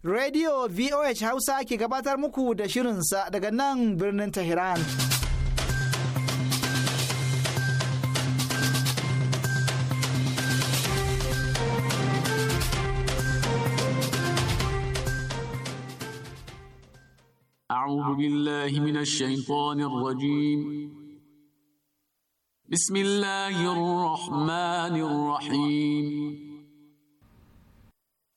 Radio VOH Hausa ke gabatar muku da shirin sa daga nan birnin Tehran. A'udhu billahi minash shaitanir rajim. Bismillahirrahmanirrahim. Bismillahirrahmanirrahim.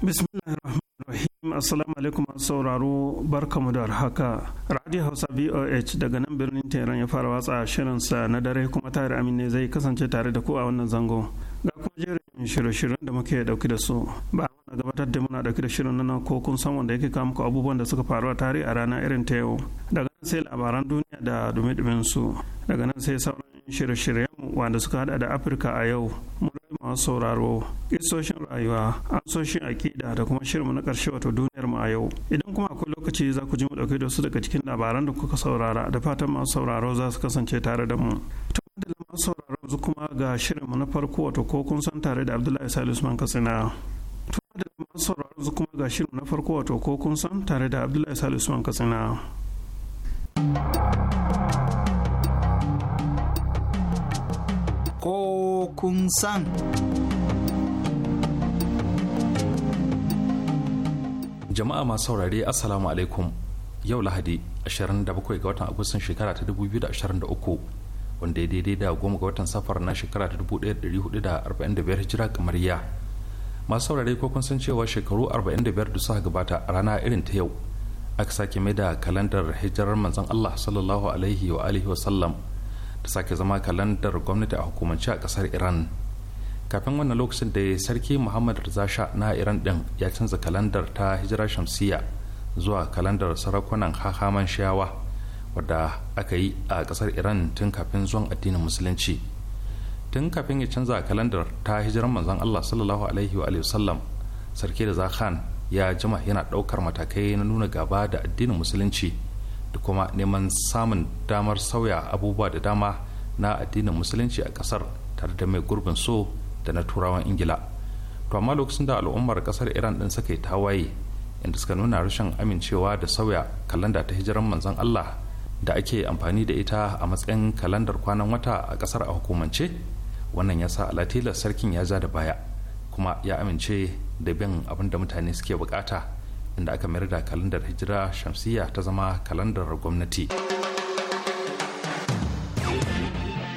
Bismillahirrahmanirrahim. Assalamu alaikum masu sauraro barkamu da haka. Radio Hausa BOH daga nan birnin Tehran ya fara watsa shirinsa na dare kuma tare amin ne zai kasance tare da ku a wannan zango. Ga kuma jerin shirye-shiryen da muke dauki da su. Ba a gabatar da muna dauki da shirin nan ko kun san wanda yake kawo muku abubuwan da suka faru a tare a ranar irin ta yau. Daga nan sai labaran duniya da dumi su. Daga nan sai sauran shirye-shiryen wanda suka hada da Afirka a yau. Murai masu sauraro. Isoshin rayuwa amsoshin aƙida da kuma shirinmu na ƙarshe wato duniyar mu a yau idan kuma akwai lokaci za ku ji mu ɗauke da su daga cikin labaran da kuka saurara da fatan masu sauraro za su kasance tare da mu to da masu sauraro yanzu kuma ga shirinmu na farko wato ko kun san tare da abdullahi salisu usman katsina to da masu sauraro yanzu kuma ga shirinmu na farko wato ko kun san tare da abdullahi salisu usman katsina ko kun san jama'a masu saurare assalamu alaikum yau lahadi 27 ga watan agustan shekara ta 2023 wanda ya daidai da goma ga watan safar na shekara ta 1445 hijira kamariya masu saurare ko kun san cewa shekaru 45 da suka gabata a rana irin ta yau aka sake mai da kalandar hijirar manzon Allah sallallahu alaihi wa alihi wa sallam ta sake zama kalandar gwamnati a hukumance a kasar Iran kafin wannan lokacin da sarki muhammad rizasha na iran din ya canza kalandar ta hijira shamsiya zuwa kalandar sarakunan hahaman shawa wadda aka yi a kasar iran tun kafin zuwan addinin musulunci tun kafin ya canza kalandar ta hijiran manzon allah sallallahu alaihi wa sallam sarki da zakhan ya jima yana daukar matakai na nuna gaba da addinin musulunci da kuma neman samun damar sauya abubuwa da dama na addinin musulunci a kasar tare da mai gurbin so da na turawan ingila to amma lokacin da al'ummar kasar iran din suka yi tawaye inda suka nuna rashin amincewa da sauya kalanda ta hijiran manzon allah da ake amfani da ita a matsayin kalandar kwanan wata a kasar a hukumance wannan ya sa alatilar sarkin ya ja da baya kuma ya amince da bin abin da mutane suke bukata inda aka mayar da kalandar hijira shamsiyya ta zama kalandar gwamnati.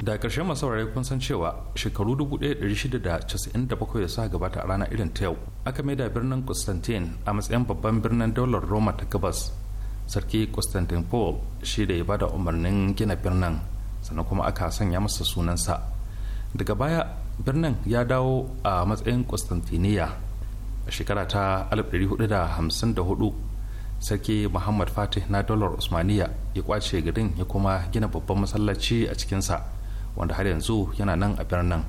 da karshen masu saurare kun san cewa shekaru 1697 da suka gabata a rana irin ta yau aka maida birnin constantine a matsayin babban birnin daular roma ta gabas sarki constantinople shi da ya bada umarnin gina birnin sannan kuma aka sanya masa sunansa daga baya birnin ya dawo a matsayin constantinia a shekara ta 1454 sarki muhammad fatih na dolar usmaniya ya kwace garin ya kuma gina babban masallaci a cikinsa wanda har yanzu yana nan a birnin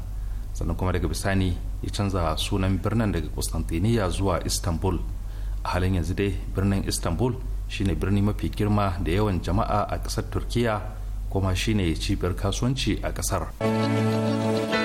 sannan kuma daga bisani ya canza sunan birnin daga constantinople zuwa istanbul a halin yanzu dai birnin istanbul shine birni mafi girma da yawan jama'a a ƙasar turkiya kuma shine cibiyar kasuwanci a ƙasar.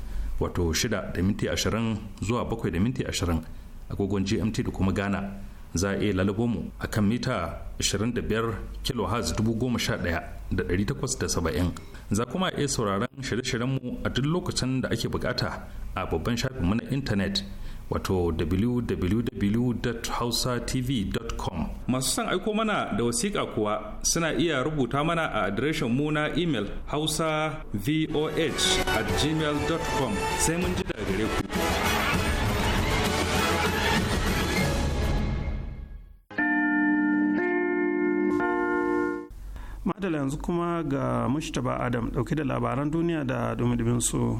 wato 6 da minti 20 zuwa 7 da minti 20 agogon gmt da kuma ghana za a iya lalabo mu a kan mita 25 kHz 870 za kuma iya sauraron shirye-shiryen mu a duk lokacin da ake bukata a babban shafinmu na intanet wato www.hausatv.com masu son aiko mana da wasiƙa kuwa suna iya rubuta mana a adireshin mu na imel hausa voh at gmail.com sai mun ji daga gare ku madala yanzu kuma ga mushtaba adam dauke da labaran duniya da dumi su.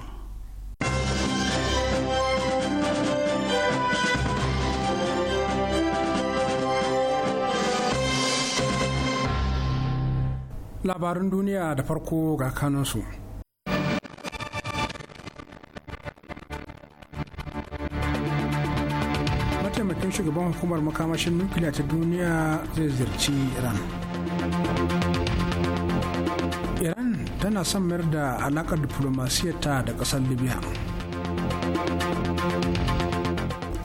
labarin duniya da farko ga kanunsu. mataimakin shugaban hukumar makamashin nukiliya ta duniya zai zirci iran iran tana son mayar da alakar diplomasiyarta da kasar libya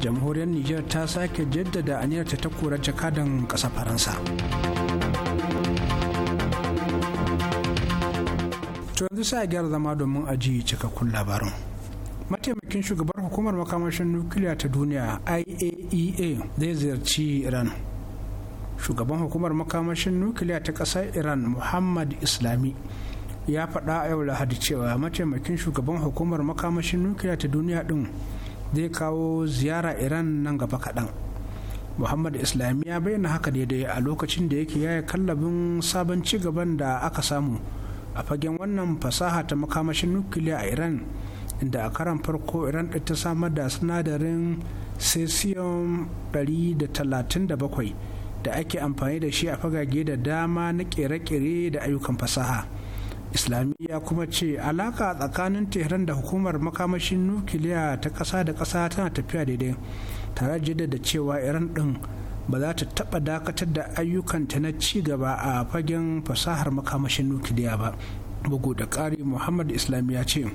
jamhuriyar niger ta sake jaddada aniyarta ta kora jakadan ƙasar faransa to yanzu sai gyara zama domin ji cikakkun labarin mataimakin shugaban hukumar makamashin nukiliya ta duniya iaea e zai ziyarci iran shugaban hukumar makamashin nukiliya ta ƙasar iran muhammad islami ya faɗa a yau lahadi cewa mataimakin shugaban hukumar makamashin nukiliya ta duniya ɗin zai kawo ziyara iran nan gaba kaɗan muhammad islami ya bayyana haka daidai a lokacin da yake yaya kallabin sabon ci gaban da aka samu a fagen wannan fasaha ta makamashin nukiliya a iran inda a karan farko iran ta samar da sinadarin cesium 137 da ake amfani da shi a fagage da dama na kere-kere da ayyukan fasaha islamiyya kuma ce alaka tsakanin tehran da hukumar makamashin nukiliya ta kasa da kasa tana tafiya daidai tare da cewa iran ɗin ba za ta taɓa dakatar da ayyukanta na ci gaba a fagen fasahar makamashin nukiliya ba bugu da ƙari muhammad islam ya ce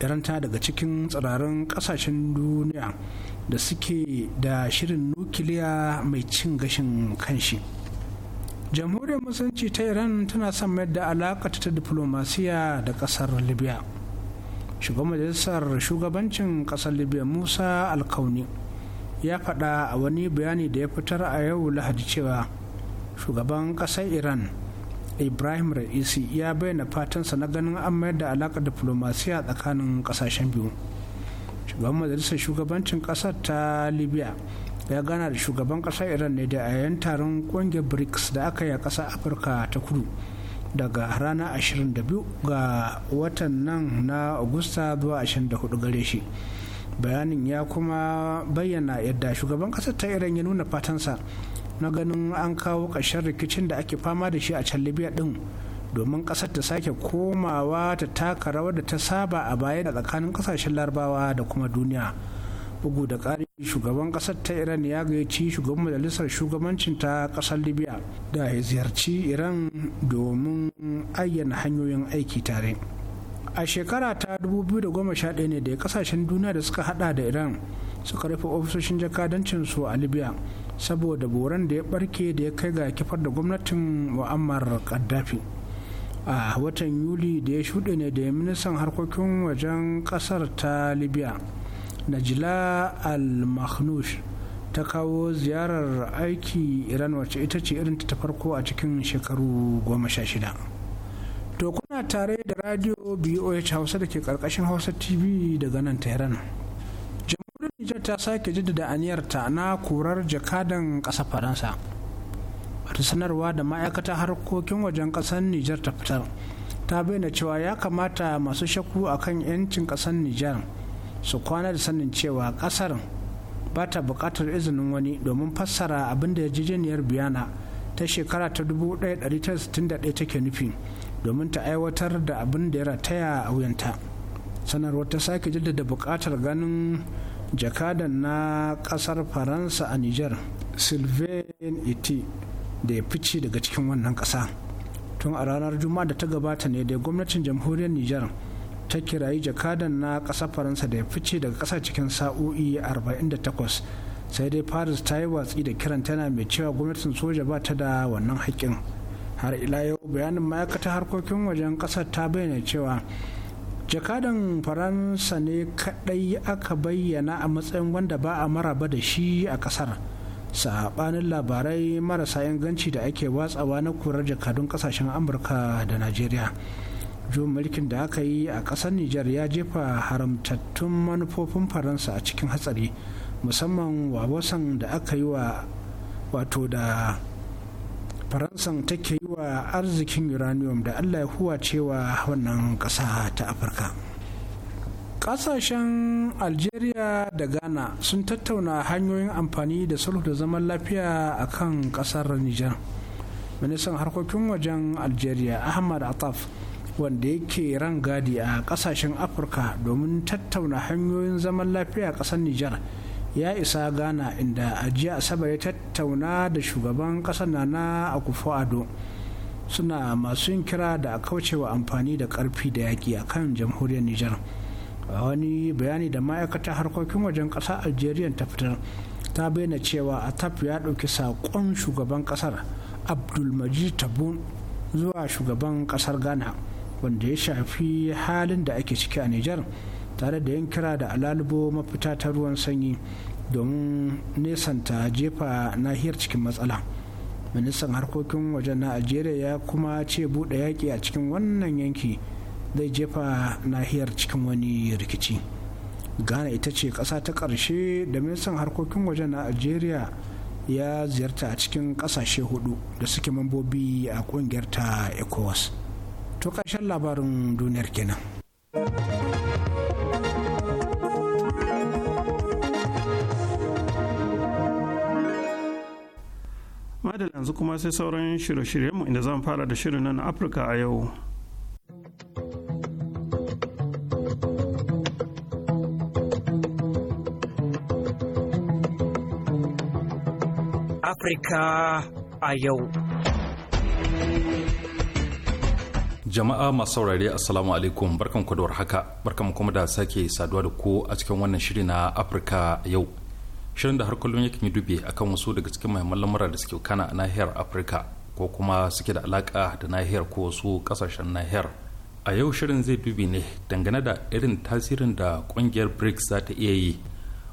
iran ta daga cikin tsirarin ƙasashen duniya da suke da shirin nukiliya mai cin gashin kanshi jamhuriyar musulunci ta iran tana son mayar da alaƙa ta diplomasiya da ƙasar libya shugaban majalisar shugabancin ƙasar libya musa alkauni ya faɗa a wani bayani da ya fitar a yau lahadi cewa shugaban ƙasar iran ibrahim ra'isi ya bayyana fatansa na ganin an mayar da alaƙar diflomasiya tsakanin ƙasashen biyu shugaban majalisar shugabancin ƙasar ta libya ya gana da shugaban ƙasar iran ne da a taron ƙungiyar brics da aka yi a ƙasar afirka ta kudu daga ranar 22 ga watan nan na agusta zuwa 24 gare shi bayanin ya kuma bayyana yadda shugaban ƙasar ta iran ya nuna fatansa na ganin an kawo ƙarshen rikicin da ake fama da shi a can libya din domin ƙasar ta sake komawa ta taka rawar da ta saba a baya da tsakanin ƙasashen larabawa da kuma duniya bugu da ƙari shugaban ƙasar ta iran ya gayyaci shugaban majalisar shugabancin ta ƙasar libya da ya ziyarci iran domin ayyana hanyoyin aiki tare a shekara ta 2011 ne da kasashen duniya da suka hada da iran suka rufe ofisoshin jakadancin su a libya saboda boran da ya barke da ya kai ga kifar da gwamnatin mu'ammar kaddafi a watan yuli da ya shuɗe ne da ya ministan harkokin wajen kasar ta libya najila al-mahnush ta kawo ziyarar aiki iran wacce ita ce irin ta farko a cikin shekaru goma sha shida To kuna tare da radio BOH Hausa da ke karkashin Hausa TV daga nan Tehran. Jamhuriyar Nijar ta sake jaddada aniyarta na kurar jakadan ƙasa Faransa. Wata sanarwa da ma'aikatar harkokin wajen ƙasar Nijar ta fitar. Ta bayyana cewa ya kamata masu shakku akan 'yancin ƙasar Nijar su kwana da sanin cewa ƙasar ba ta buƙatar izinin wani domin fassara abin da yarjejeniyar Biyana ta shekara ta 1961 take nufi. domin ta aiwatar da abin da ya rataya a wuyanta sanarwar ta sake jaddada bukatar ganin jakadan na kasar faransa a niger sylvain iti da ya fice daga cikin wannan ƙasa tun a ranar juma'a da ta gabata ne da gwamnatin jamhuriyar niger ta kirayi jakadan na ƙasar faransa da ya fice daga ƙasa cikin sa'o'i 48 sai dai paris ta yi watsi da kiran tana mai cewa gwamnatin soja ba ta da wannan haƙƙin har ila yau bayanin ma'aikatar harkokin wajen ƙasar ta bayyana cewa jakadan faransa ne kadai aka bayyana a matsayin wanda ba a maraba da shi a ƙasar saɓanin labarai marasa inganci da ake watsawa na kurar jakadun ƙasashen amurka da najeriya juyin mulkin da aka yi a ƙasar Nijar ya jefa haramtattun manufofin Faransa a cikin hatsari musamman wabosan da aka yi wa wato da faransa take yi wa arzikin uranium da allah ya huwa cewa wannan ƙasa ta afirka ƙasashen algeria da ghana sun tattauna hanyoyin amfani da sulhu da zaman lafiya a kan ƙasar niger ministan harkokin wajen algeria ahmad ataf wanda yake gadi a ƙasashen afirka domin tattauna hanyoyin zaman lafiya a ƙasar niger ya isa ghana inda ajiya asabar ya tattauna da shugaban ƙasar nana akufo ado suna masu yin kira da a kaucewa amfani da karfi da yaƙi a kan jamhuriyar nijar a wani bayani da ma'aikatar harkokin wajen ƙasa algeria ta fitar ta bayyana cewa atap ya ɗauki saƙon shugaban ƙasar abdulmajid tabun zuwa shugaban ƙasar ghana wanda ya shafi halin da ake ciki a nijar tare da yin kira da alalubo mafita ta ruwan sanyi domin nesanta jefa nahiyar cikin matsala ministan harkokin wajen na algeria ya kuma ce bude yaƙi a cikin wannan yanki zai jefa nahiyar cikin wani rikici ghana ita ce ƙasa ta ƙarshe da ministan harkokin wajen na algeria ya ziyarta a cikin ƙasashe hudu da suke mambobi a ƙungiyar ta ecowas to ƙarshen labarin duniyar kenan. madal yanzu kuma sai sauran shirye-shiryenmu inda zan fara da shirin nan afirka a yau afirka a yau jama'a masu saurare assalamu alaikum barkan da haka barkan kuma da sake saduwa da ku a cikin wannan shiri na afirka yau shirin da har kullum yake yi dube akan wasu daga cikin mahimman lamura da suke kana a nahiyar afirka ko kuma suke da alaka da nahiyar ko wasu kasashen nahiyar a yau shirin zai dubi ne dangane da irin tasirin da kungiyar brics za ta iya yi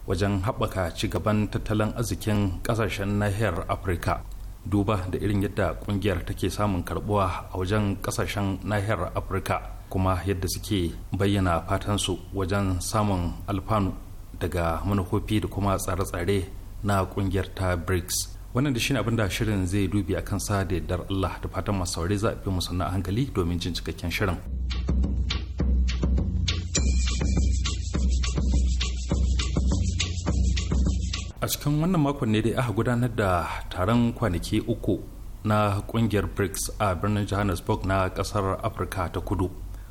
wajen haɓaka ci gaban tattalin arzikin kasashen nahiyar afirka duba da irin yadda kungiyar take samun karbuwa a wajen kasashen nahiyar afirka kuma yadda suke bayyana fatan su wajen samun alfanu daga manufofi da kuma tsare-tsare na kungiyar ta brics wannan da shine abin da shirin zai dubi akan sa da yardar allah da fatan masu saurari za a fi musu na hankali domin jin cikakken shirin a cikin wannan makon ne dai aka gudanar da taron kwanaki uku na kungiyar brics a birnin johannesburg na kasar afirka ta kudu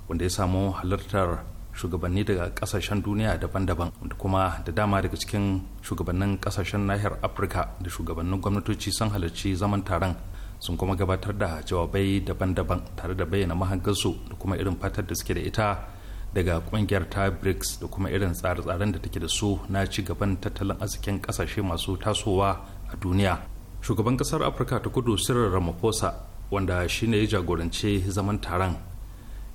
wanda ya samu halartar shugabanni daga kasashen duniya daban-daban da kuma da dama daga cikin shugabannin kasashen nahiyar afirka da shugabannin gwamnatoci sun halarci zaman taron sun kuma gabatar da jawabai daban-daban tare da bayyana mahangarsu da kuma irin fatar da suke da ita daga kungiyar ta brics da kuma irin tsare-tsaren da take da su na ci gaban tattalin arzikin kasashe masu tasowa a duniya shugaban kasar afirka ta kudu sirrin ramaphosa wanda shine ya jagorance zaman taron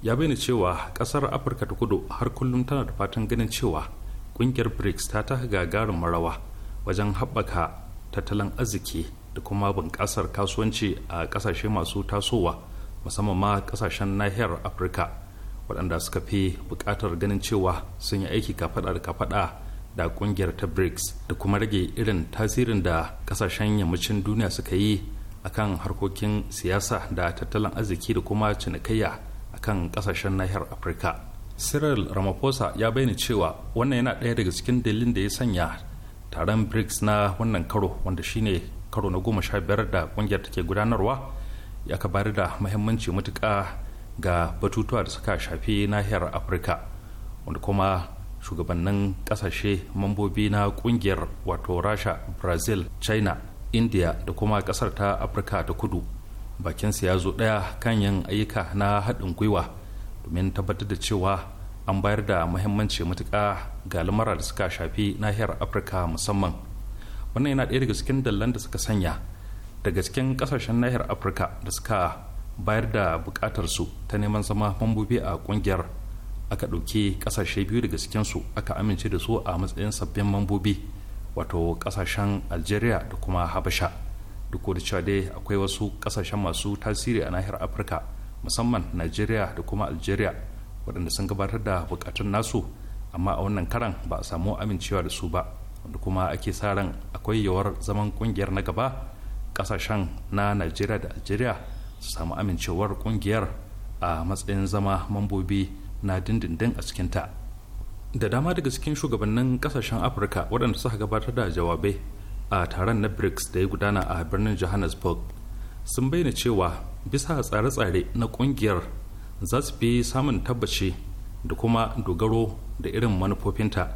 ya bayyana cewa kasar afirka ta kudu har kullum tana da fatan ganin cewa kungiyar brics ta taka gagarin marawa wajen haɓaka tattalin arziki da kuma bunƙasar kasuwanci a ƙasashe masu tasowa musamman ma ƙasashen nahiyar afirka waɗanda suka fi buƙatar ganin cewa sun yi aiki kafaɗa da kafaɗa da ƙungiyar ta brics da kuma rage irin tasirin da ƙasashen yammacin duniya suka yi akan harkokin siyasa da tattalin arziki da kuma cinikayya kan kasashen nahiyar afirka cyril ramaphosa ya bayyana cewa wannan yana ɗaya daga cikin dalilin da ya sanya taron brics na wannan karo wanda shine karo na goma sha biyar da kungiyar take gudanarwa ya ka bayar da mahimmanci matuƙa ga batutuwa da suka shafi nahiyar afirka wanda kuma shugabannin kasashe mambobi na kungiyar wato rasha brazil china india da kuma kasar ta afirka ta kudu bakinsa ya zo ɗaya kan yin ayyuka na haɗin gwiwa domin tabbatar da cewa an bayar da muhimmanci matuƙa ga lamura da suka shafi nahiyar afirka musamman wannan yana ɗaya daga cikin dallan da suka sanya daga cikin ƙasashen nahiyar afirka da suka bayar da buƙatar su ta neman zama mambobi a ƙungiyar aka ɗauki ƙasashe biyu daga cikin su aka amince da su a matsayin sabbin mambobi wato ƙasashen algeria da kuma habasha duk da cewa dai akwai wasu kasashen masu tasiri a nahiyar afirka musamman nigeria da kuma algeria waɗanda sun gabatar da bukatun nasu amma a wannan karan ba a samu amincewa da su ba wanda kuma ake sa ran akwai yawar zaman kungiyar na gaba kasashen na nigeria da algeria su samu amincewar kungiyar a matsayin zama mambobi na dindindin a cikinta da dama daga cikin shugabannin kasashen afirka waɗanda suka gabatar da jawabai a taron na brics da ya gudana a birnin johannesburg sun bayyana cewa bisa tsare-tsare na kungiyar za su fi samun tabbaci da kuma dogaro da irin manufofinta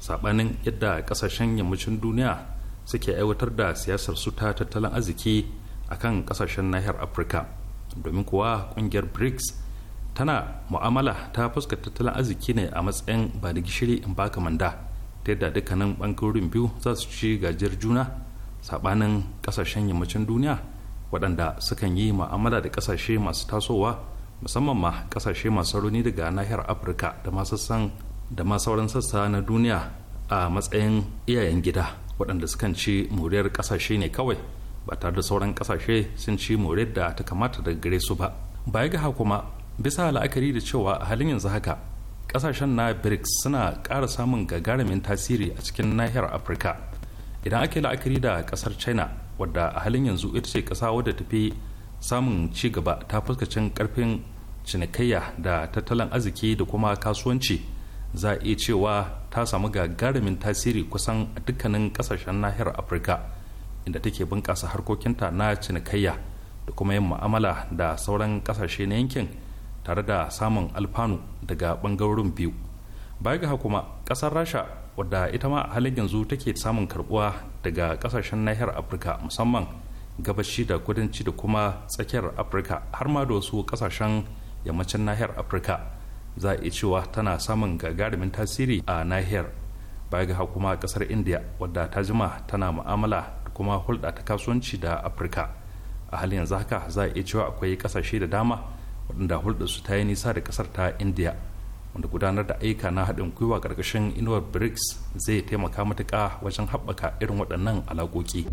sabanin yadda kasashen yammacin duniya suke aiwatar da siyasar su ta tattalin arziki a kan kasashen nahiyar afirka domin kuwa kungiyar brics tana mu'amala ta fuskar tattalin arziki ne a matsayin ba da gishiri in baka manda ta yadda dukkanin bangarorin biyu za su ci gajiyar juna sabanin kasashen yammacin duniya waɗanda sukan yi ma'amala da kasashe masu tasowa musamman ma kasashe masu rauni daga nahiyar afirka da ma san da ma sauran sassa na duniya a matsayin iyayen gida waɗanda sukan ci moriyar kasashe ne kawai ba tare da sauran kasashe sun ci moriyar da ta kamata daga gare su ba baya ga kuma bisa la'akari da cewa halin yanzu haka kasashen na brics suna ƙara samun gagarumin tasiri a cikin nahiyar afirka idan ake la'akari da kasar china wadda a halin yanzu ita ce ƙasa wadda tafi samun ci gaba ta fuskacin karfin cinikayya da tattalin arziki da kuma kasuwanci za a iya cewa ta samu gagarumin tasiri kusan a dukkanin kasashen nahiyar afirka inda take bunƙasa harkokinta na cinikayya da kuma yin mu'amala da sauran ƙasashe na yankin tare da samun alfanu daga bangarorin biyu baya ga kuma kasar rasha wadda ita ma a halin yanzu take samun karbuwa daga kasashen nahiyar afirka musamman gabashi da kudanci da kuma tsakiyar afirka har ma da wasu kasashen yammacin nahiyar afirka za a cewa tana samun gagarumin tasiri a nahiyar baya ga kuma kasar india wadda ta jima tana mu'amala da kuma hulɗa ta kasuwanci da afirka a halin yanzu haka za a iya cewa akwai kasashe da dama waɗanda hulɗarsu ta yi nisa da ƙasar ta india wanda gudanar da aika na haɗin gwiwa ƙarƙashin inuwar brics zai taimaka matuƙa wajen haɓaka irin waɗannan alaƙoƙi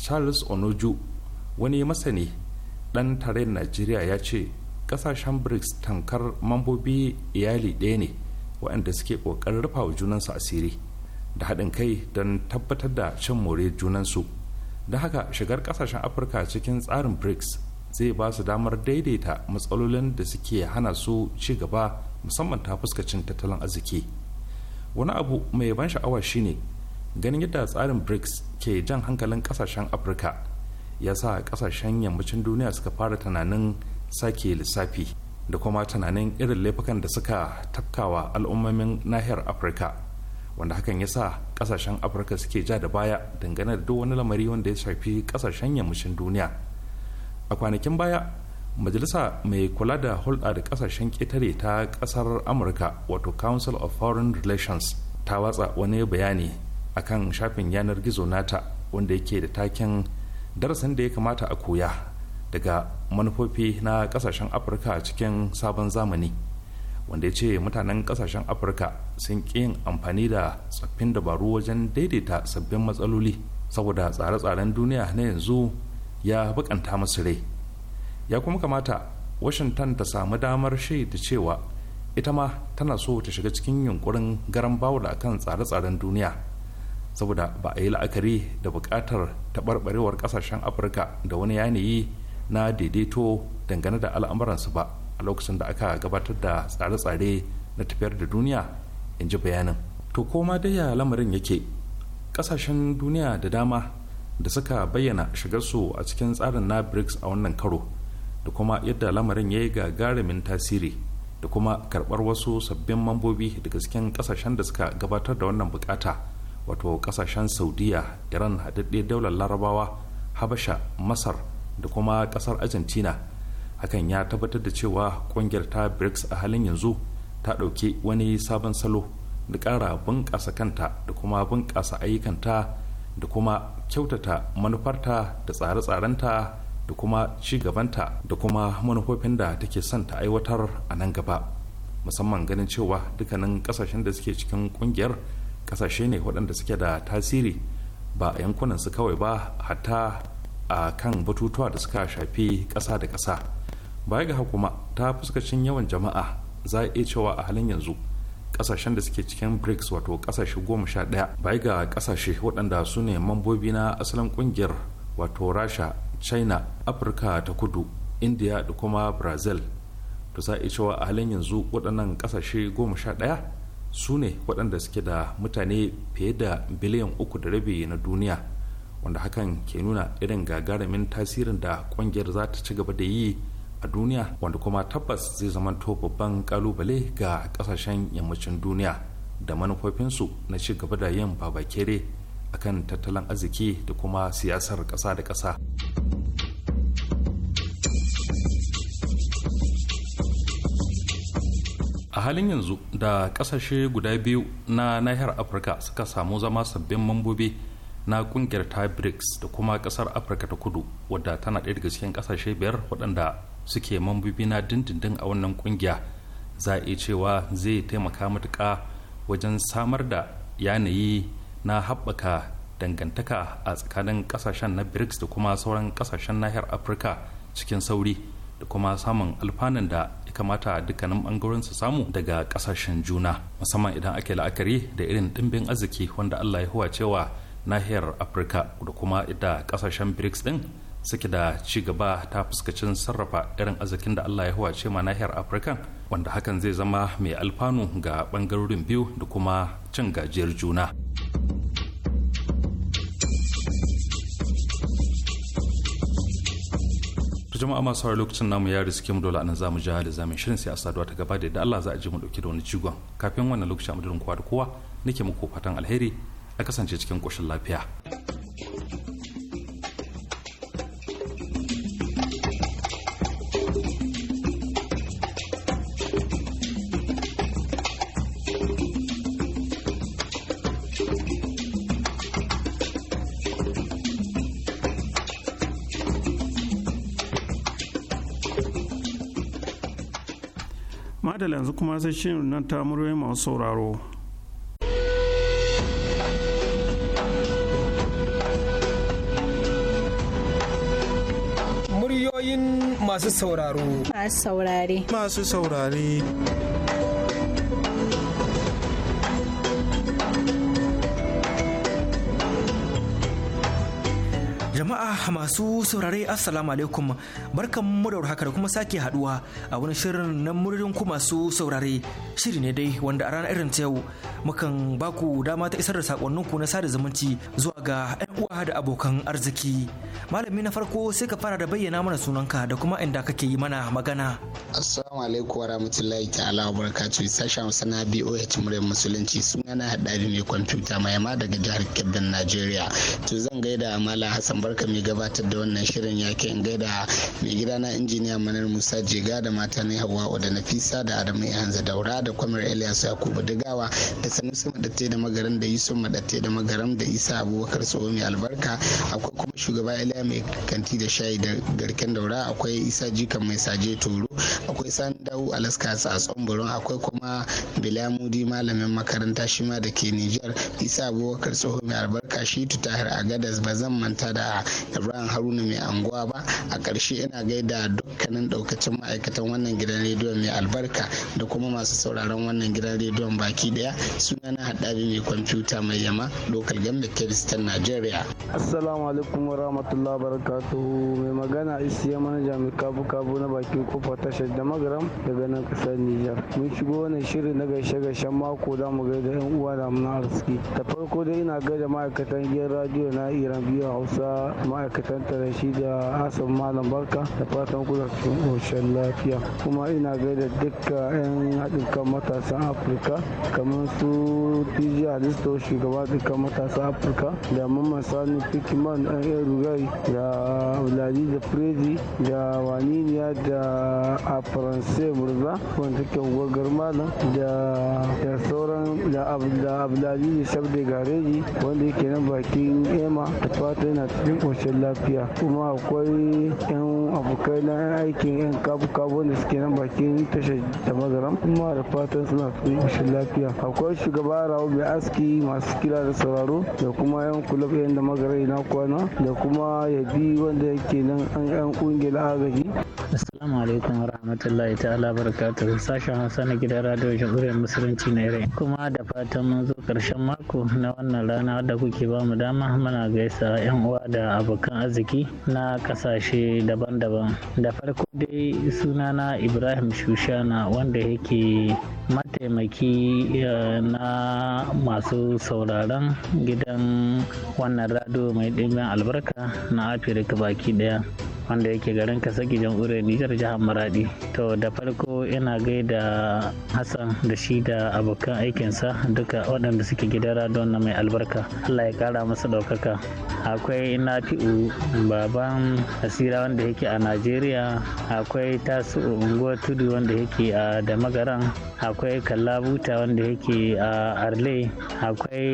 charles onoju wani masani ɗan tarayyar najeriya ya ce ƙasashen brics tankar mambobi iyali ɗaya ne waɗanda suke ƙoƙarin rufa wa junansu asiri da haɗin kai don tabbatar da shan more junansu da haka shigar ƙasashen afirka cikin tsarin brics zai ba su damar daidaita matsalolin da suke hana su ci gaba musamman ta fuskacin tattalin arziki wani abu mai ban sha'awa shine ganin yadda tsarin brics ke jan hankalin ƙasashen afirka ya sa ƙasashen yammacin duniya suka fara tunanin sake lissafi da kuma tunanin irin laifukan da suka tafkawa al'ummomin nahiyar afirka wanda hakan ya sa kasashen afirka suke ja da baya dangane da duk wani lamari wanda ya shafi kasashen yammacin duniya a kwanakin baya majalisa mai kula da hulɗa da kasashen ƙetare ta ƙasar amurka wato council of foreign relations ta watsa wani bayani akan shafin yanar gizo nata wanda yake da taken darasin da ya kamata a koya daga manufofi na kasashen afirka cikin sabon zamani wanda ya ce mutanen kasashen afirka sun ƙi yin amfani da tsaffin dabaru wajen daidaita sabbin matsaloli saboda tsare-tsaren duniya na yanzu ya bukanta musu rai ya kuma kamata washington ta samu damar shaida cewa ita ma tana so ta shiga cikin yunkurin garan bawul kan tsare-tsaren duniya saboda ba a yi la'akari da bukatar taɓarɓarewar kasashen afirka da wani yanayi na daidaito dangane da al'amuransu ba a lokacin da aka gabatar da tsare-tsare na tafiyar da duniya in ji bayanin to koma dai ya lamarin yake kasashen duniya da dama da suka bayyana shigarsu a cikin tsarin na brics a wannan karo da kuma yadda lamarin ya yi gagarumin tasiri da kuma karbar wasu sabbin mambobi daga cikin kasashen da suka gabatar da wannan bukata wato kasashen saudiya iran haɗaɗɗe daular larabawa habasha masar da kuma ƙasar argentina hakan ya tabbatar da cewa kungiyar ta brics a halin yanzu ta ɗauki wani sabon salo da ƙara bunƙasa kanta da kuma bunƙasa ayyukanta da kuma kyautata manufarta da tsare-tsarenta da kuma ci gabanta da kuma manufofin da take son ta aiwatar a nan gaba musamman ganin cewa dukkanin kasashen da suke cikin kungiyar kasashe ne waɗanda suke da tasiri ba a yankunan su kawai ba hatta a kan batutuwa da suka shafi ƙasa da ƙasa baya ga hakuma ta fuskacin yawan jama'a za a iya cewa a halin yanzu kasashen da suke cikin brics wato kasashe goma sha ɗaya baya ga kasashe waɗanda su ne mambobi na asalin ƙungiyar wato rasha china afirka ta kudu india da kuma brazil to za a iya cewa a halin yanzu waɗannan kasashe goma sha ɗaya su ne waɗanda suke da mutane fiye da biliyan uku da rabi na duniya wanda hakan ke nuna irin gagarumin tasirin da ƙungiyar za ta ci gaba da yi a duniya wanda kuma tabbas zai zamanto babban kalubale ga kasashen yammacin duniya da manufofinsu na ci gaba da yin babakere akan tattalin arziki da kuma siyasar ƙasa da ƙasa. a halin yanzu da kasashe guda biyu na nahiyar afirka suka samu zama sabbin mambobi na kungiyar ta brics da kuma kasar afirka ta kudu wadda tana ɗaya daga cikin kasashe biyar waɗanda suke mambobi na dindindin a wannan kungiya za a iya cewa zai taimaka matuka wajen samar da yanayi na haɓaka dangantaka a tsakanin ƙasashen na brics da kuma sauran ƙasashen nahiyar afirka cikin sauri da kuma samun alfanan da ya kamata dukkanin ɓangaren su samu daga ƙasashen juna musamman idan ake la'akari da irin ɗimbin arziki wanda allah ya cewa nahiyar afirka da kuma ita ƙasashen brics ɗin suke da ci gaba ta fuskacin sarrafa irin arzikin da allah ya huwace ma nahiyar afirka wanda hakan zai zama mai alfanu ga bangarorin biyu da kuma cin gajiyar juna jama'a masu sauraro lokacin namu ya riske mu dole anan zamu ja da zamin shirin sai a saduwa ta gaba da yadda Allah za a je mu dauke da wani jigon kafin wannan lokacin a madadin kowa da kowa nake muku fatan alheri a kasance cikin koshin lafiya. madalla yanzu kuma sai shirin nan ta murwai masu sauraro muryoyin masu sauraro masu saurare masu saurare Jama'a masu saurare Assalamu alaikum barkan mu haka da kuma sake haduwa a wani shirin na muririn ku masu saurare shiri ne dai wanda a ranar irin ta yau mukan baku dama ta isar da sakonnin ku na sada zumunci zuwa ga ƴan uwa da abokan arziki. Malami na farko sai ka fara da bayyana mana sunanka da kuma inda kake yi mana magana. Assalamu alaikum warahmatullahi ta'ala wa barakatuh sashen Hausa BOH muryar musulunci sunana hadari ne kwamfuta mai ma daga jihar Kebbi Najeriya. To zan gaida Malam Hassan albarka mai gabatar da wannan shirin ya ke a gaida mai gida na injiniya manar musa jega da mata na hawa da nafisa da adamu hanza daura da kwamar elias yakubu digawa da sanusi madatte da magaran da yusuf madatte da magaran da isa abubakar tsoho mai albarka akwai kuma shugaba iliya mai kanti da shayi da garken daura akwai isa jikan mai saje toro akwai san dawu alaska a tsomburon akwai kuma bilamudi malamin makaranta shima da ke nijar isa abubakar tsoho mai albarka shi tahir agadas ba zan manta da da ibrahim haruna mai anguwa ba a ƙarshe ina gaida dukkanin ɗaukacin ma'aikatan wannan gidan rediyon mai albarka da kuma masu sauraron wannan gidan rediyon baki daya suna na haɗari mai kwamfuta mai yama lokal gambe kiristan najeriya assalamu alaikum wa rahmatullahi barakatuhu mai magana isiya manaja mai kabu kabu na bakin kofa tashar da magaram daga nan ƙasar nijar mun shigo wannan shirin na gaishe gaishen mako za mu gaida yan uwa da muna arziki da farko dai ina gaida ma'aikatan gidan radiyo na iran biyu hausa da ma'aikatan tare shi da asan malam barka da fatan kuna cikin lafiya kuma ina gaida duka 'yan haɗin kan matasan afirka kamar su dj alisto shugaba dukkan matasan afirka da mamman sani Pikiman, ɗan rugai da abdulaziz da prezi da waniniya da a faransai murza wanda ke gwagar malam da sauran da abdulaziz gareji wanda yake nan bakin ema da Fatan yana cikin cikin koshin lafiya kuma akwai 'yan abokai na aikin yan kabu-kabu da suke nan bakin tashar da mazaran kuma da fatan suna cikin lafiya akwai shugaba rawu mai aski masu kira da sauraro da kuma yan kulab yan da magarai na kwana da kuma yabi wanda yake nan an yan kungiyar agaji Assalamu alaikum ta ta'ala barakatu sashen Hausa na gidan radio jamhuriyar musulunci na Iran kuma da fatan mun zo karshen mako na wannan rana da kuke ba mu dama muna gaisa yan uwa da abokan arziki na kasashe daban-daban daban da farko dai sunana ibrahim shushana wanda yake mataimaki na masu sauraron gidan wannan rado mai ɗimbin albarka na afirka baki ɗaya wanda yake garin kasaki jamhuriyar nijar jihar maradi to da farko ina gaida hassan da shi da abokan aikinsa duka waɗanda suke gidan radon na mai albarka allah ya kara masa ɗaukaka akwai nafi'u baban asira wanda yake a najeriya akwai tasu unguwar tudu wanda yake a damagaran akwai kallabuta wanda yake a arle akwai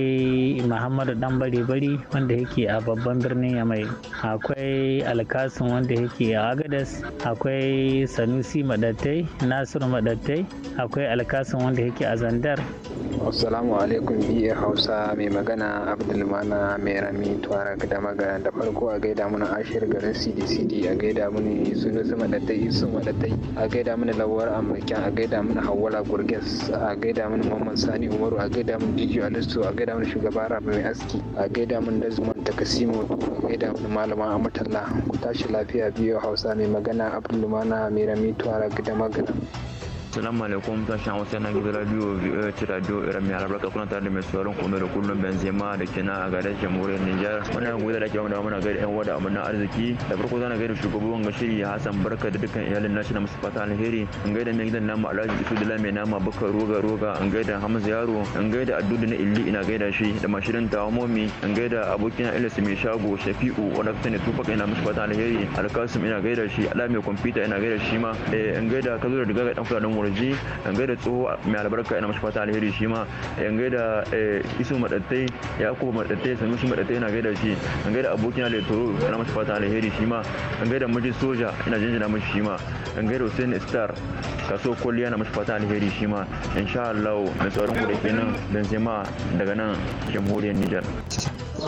muhammadu dan bari bari wanda yake a babban birnin yamai akwai alkasun wanda yake a agadas akwai sanusi madattai nasiru madattai akwai alkasin wanda yake a zandar assalamu alaikum biya hausa mai magana abdulmana mai rami tuwara da magana da farko a gaida mana ashir garin cdcd a gaida mini sunusi madattai isu madattai a gaida mini lawar amurken a gaida mini hawala gurgis a gaida mini mamman sani umaru a gaida mini jijiyo alistu a gaida mini shugaba rabi mai aski a gaida mini lazuman takasimu a gaida mini malama amatalla ku tashi lafiya lafiya biyu hausa mai magana abdulmana mai rami tuwara gida magana. Salamu alaikum sashen Hausa na gizo radio VOH radio Iran mai albarka kuna tare da mai sauran kuno da kullum Benzema da ke na a garin jamhuriyar Nijar. Muna gobe da ake da muna gaida yan wada amana arziki. Da farko zan gaida shugaban ga shiri Hassan Barka da dukkan iyalin nashi na musu fata alheri. In gaida mai gidan nama Alhaji Isu Dala mai nama baka Roga Roga, in gaida Hamza Yaro, in gaida Addudu na Illi ina gaida shi da mashirin Tawamomi, in gaida abokina Ilis mai shago Shafi'u wanda fitan da Tupac ina musu fata alheri. Alkasim ina gaida shi, Ala mai kwamfuta ina gaida shi ma. Eh, in gaida Kazo da Diga ga dan fulanin murji in gaida tsoho mai albarka ina mashi fata alheri shi ma in gaida eh, isu madattai ya ku madattai sanu shi madattai ina gaida shi in gaida abokina letoro ina mashi fata alheri shi ma in gaida miji soja ina jinjina mashi shi ma in gaida hussein star kaso kwalliya na mashi fata alheri shi ma insha Allah mai sauran ku da kenan dan sai ma daga nan jamhuriyar Nijar.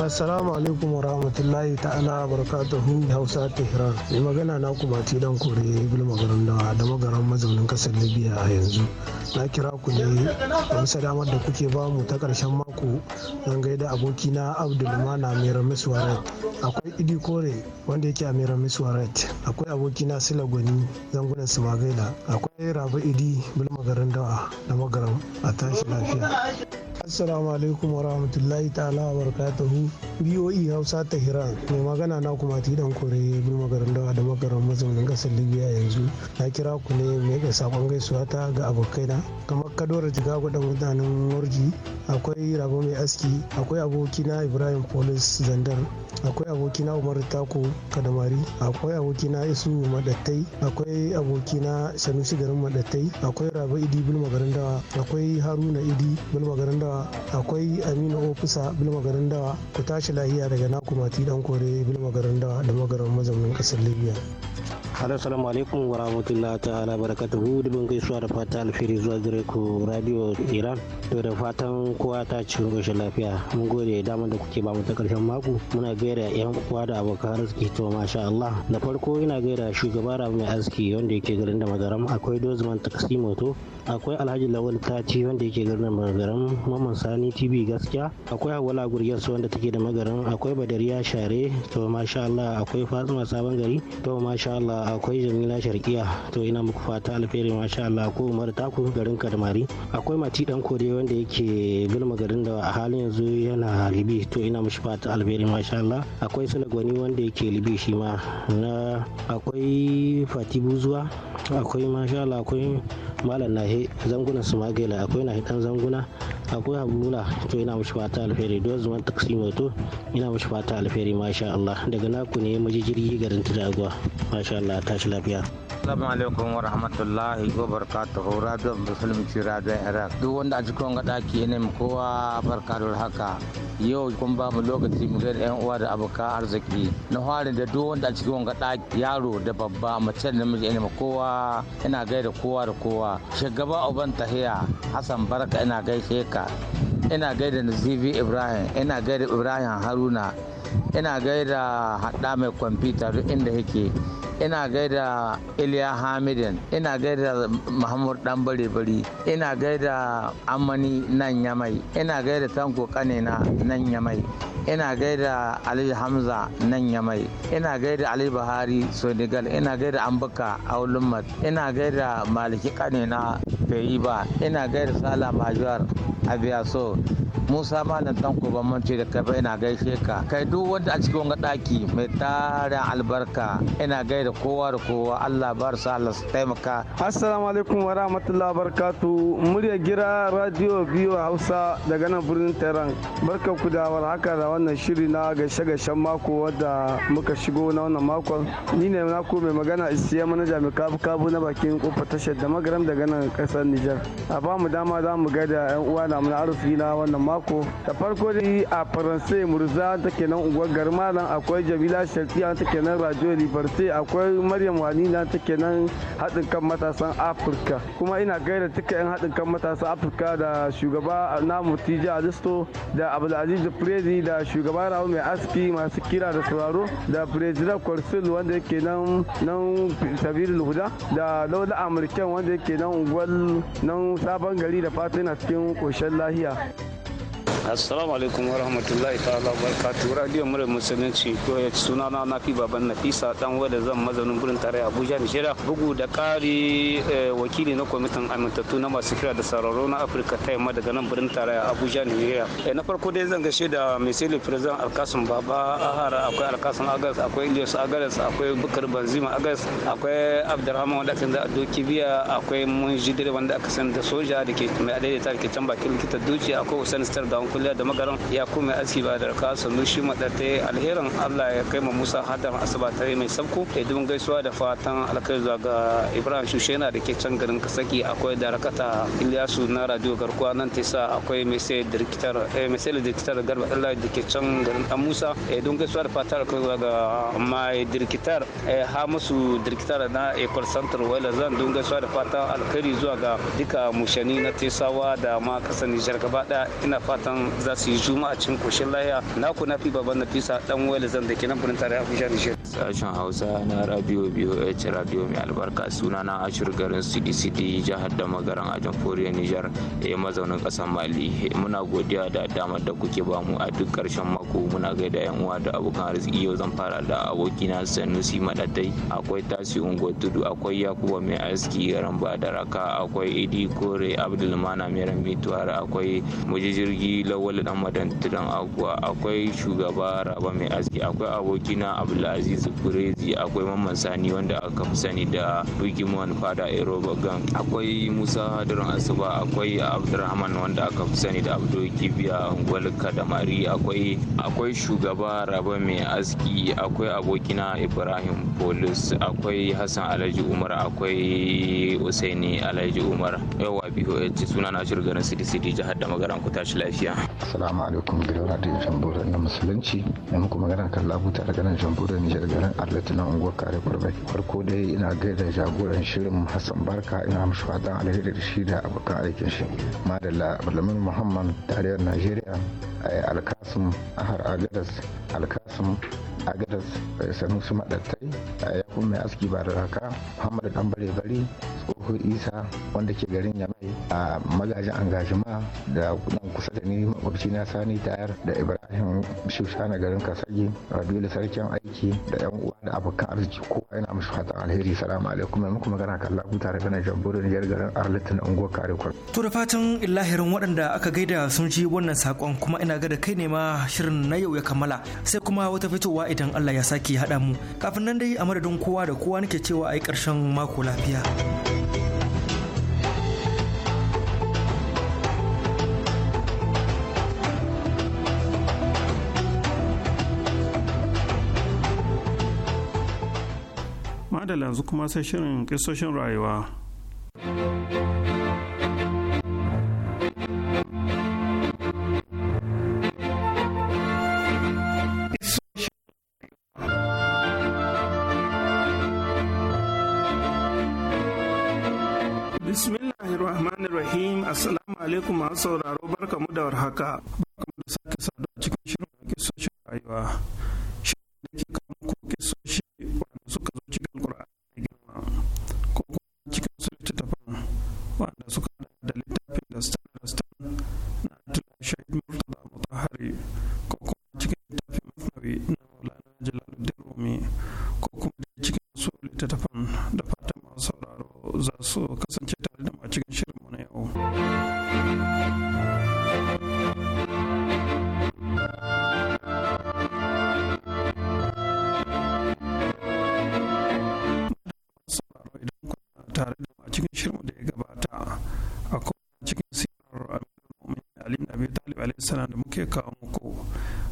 assalamu alaikum wa rahmatullahi ta'ala barakatuhu hausa tehran mai magana na kuma dan kore bulma garin dawa da magaran mazaunin kasar libya a yanzu na kira ku ne da musa damar da kuke bamu ta karshen mako don gaida abokina abdul mana mai miswaret akwai idi kore wanda yake a mai miswaret akwai abokina sila gwani zangunan sumagaila akwai rabu idi bulma garin dawa da magaran a tashi lafiya assalamu alaikum wa rahmatullahi ta'ala wa barakatuhu biyoyi BOE Hausa hiran mai magana na kuma tidan kore bin magarin dawa da magaran mazaunin kasar Libya yanzu na kira ku ne mai da sakon gaisuwa ta ga abokaina kamar Kadora jiga da mutanen Warji akwai Rabo mai aski akwai abokina Ibrahim Polis Zandar akwai abokina Umar Tako Kadamari akwai abokina Isu Madattai akwai abokina Sanusi garin Madattai akwai Rabo Idi bin magarin akwai Haruna Idi bin magarin akwai amina Ofisa bin magarin dawa ku tashi lahiya daga naku mati dan kore bil magaran da da magaran mazaunin kasar libya assalamu alaikum wa rahmatullahi ta'ala barakatuhu dubin gaisuwa da fata alfiri zuwa gare ku radio Iran to da fatan kowa ta cikin goshin lafiya mun gode damar da kuke ba mu ta karshen mako muna gaira yan uwa da abokan arziki to masha Allah da farko ina gaira shugaba Rabi mai arziki wanda yake garin da madaram akwai Dozman moto. akwai alhaji lawal tati wanda yake garin magaran mamman sani tv gaskiya akwai hawala gurgiyarsu wanda take da magaran akwai badariya share to masha allah akwai fatima sabon gari to masha allah akwai jamila sharkiya to ina muku fata alheri masha allah ko umar taku garin kadamari akwai mati dan kore wanda yake gulma garin da a halin yanzu yana libi to ina mushi fata alheri masha allah akwai sulagwani wanda yake libi shi ma na akwai fatibu zuwa akwai masha allah akwai malam nahi nahi zangunan su magela akwai nahi dan zanguna akwai habula to ina mushi fata alheri don zuman taksi to ina mushi fata alheri masha Allah daga naku ne majijirgi jirgi garin tudaguwa masha Allah tashi lafiya Assalamu alaikum wa rahmatullahi wa barakatuhu Radio Musulunci Radio Iraq. Duk wanda a cikin ɗaki ne mu kowa barka da haka. Yau kun ba mu lokaci mu gaida yan uwa da abokan arziki. Na fara da duk wanda a cikin gada yaro da babba mace da namiji ne kowa ina gaida kowa da kowa. Shugaba Uban Tahiya Hassan baraka ina gaishe ka. ina gaida nazifi ibrahim ina gaida ibrahim haruna ina gaida hada mai kwamfuta duk inda yake ina gaida iliya hamidin ina gaida muhammad dan bare bari ina gaida amani nan yamai ina gaida tanko kanina nan yamai ina gaida ali hamza nan yamai ina gaida ali bahari senegal ina gaida ambaka a ina gaida maliki kanina ba ina gaida sala majuwar a biya so musa malam dan ko ban mance da kai ina gaishe ka kai duk wanda a cikin wanga daki mai tarin albarka ina gaida kowa da kowa Allah bar sa Allah su taimaka assalamu alaikum wa rahmatullahi wa barakatuh murya gira radio biyu Hausa daga nan birnin Tehran barka ku da warhaka da wannan shiri na gaishe gaishen mako wanda muka shigo na wannan makon ni ne na ku mai magana isiya manaja mai kabu kabu na bakin kofar tashar da magaram daga nan kasar Nijar a ba mu dama za mu gaida yan uwa namu na arziki na wannan mako da farko dai a faransa murza take nan garma nan akwai jamila shartiya take nan radio liberté akwai maryam na take nan haɗin kan matasan afirka kuma ina gaida tuka yan haɗin kan matasan afirka da shugaba namu tija alisto da abdulaziz prezi da shugaba rahu mai aski masu kira da sauraro da president corsil wanda yake nan nan sabirul huda da lauda amurken wanda yake nan unguwar nan sabon gari da fatina cikin ƙoshin ƙarshen lahiya assalamu alaikum wa rahmatullahi ta'ala wa barakatuhu radio murar musulunci ko ya ci suna na nafi baban nafisa dan wadda zan mazaunin birnin tare abuja nigeria bugu da kari eh, wakili na kwamitin amintattu na masu kira da sauraro na afirka ta yamma daga nan burin tare abuja nigeria eh, na farko dai zan gashe da misali president alkasun baba ahara akwai alkasun agas akwai ilyas agas akwai bukar banzima agas akwai abdurrahman wanda aka a doki biya akwai munji wanda aka san da soja da ke mai adaidaita da ke can bakin likita duci akwai usain star lawan kulle da magaran ya kuma aski ba da raka sanushi madatai alherin allah ya kai mu musa hadan hadar asibatare mai sabko da dubin gaisuwa da fatan alkai zuwa ga ibrahim shushena da ke can garin kasaki akwai da rakata iliyasu na radio garkuwa nan ta sa akwai mai sai eh mai sai rikitar garba allah da ke can garin dan musa da dubin gaisuwa da fatan alkai zuwa ga mai eh ha musu dirkitar na ekwal Center wala zan dubin gaisuwa da fatan alkhairi zuwa ga duka mushani na tesawa da ma kasa nijar gaba ina fata fatan za su yi juma'a cikin koshin lahiya ku na fi baban nafisa dan wayar zan da ke nan birnin tare abuja nijar sashen hausa na radio boh radio mai albarka suna na ashir garin cdcd jihar da magaran a jamhuriyar nijar ya eh, mazaunin kasar mali eh, muna godiya da damar da kuke bamu a duk karshen mako muna gaida yan uwa da abokan arziki yau zan fara da abokina sanusi madadai. akwai tasi ungo tudu akwai yakuba mai aski da raka akwai idi kore abdulmana mai ramituwar akwai mujijirgi lawal dan madan tiran agwa akwai shugaba raba mai aski akwai abokina abdulaziz kurezi akwai mamman sani wanda aka fi sani da bugimon fada aeroba gang akwai musa hadirin asuba akwai abdurrahman wanda aka fi sani da abdo kibiya gwal kadamari akwai akwai shugaba raba mai aski akwai abokina ibrahim polis akwai hassan alhaji umar akwai usaini alhaji umar yawa boh suna na shirga na city jihar da magaran ku tashi lafiya Tunisia. Assalamu alaikum gidan radiyon na musulunci da muku magana kan labuta daga nan jamhuriyar Nijar garin Arlati na unguwar Kare Kurbai. Farko dai ina gaida jagoran shirin Hassan Barka ina mashi fatan alheri da shi da abokan aikin shi. Madalla Balamin Muhammad tarayyar Najeriya eh, Alkasum Ahar Agadas Alkasum Agadas eh, Sanusi Madattai eh, kuma Mai Aski Bararaka Muhammadu Dambare Bari Nuhu Isa wanda ke garin Yamai a magajin Angajima da nan kusa da ni makwabci na Sani Tayar da Ibrahim Shushana garin Kasagi Rabiulu Sarkin aiki da yan uwa da abokan arziki ko yana mushi fatan alheri salamu alaikum mai muku magana kan labu tare da burin yar garin Arlington unguwar Karekon. To da fatan illahirin waɗanda aka gaida sun ji wannan sakon kuma ina ga da kai ne ma shirin na yau ya kammala sai kuma wata fitowa idan Allah ya sake haɗa mu kafin nan dai a madadin kowa da kowa nake cewa a yi ƙarshen mako lafiya. madalla yanzu kuma sai shirin kisoshin rayuwa Bismillahirrahmanirrahim Assalamu alaikum masu sauraro barkamu da warhaka barkamu da sake saduwa cikin shirin kisoshin rayuwa shirin da ke kama ko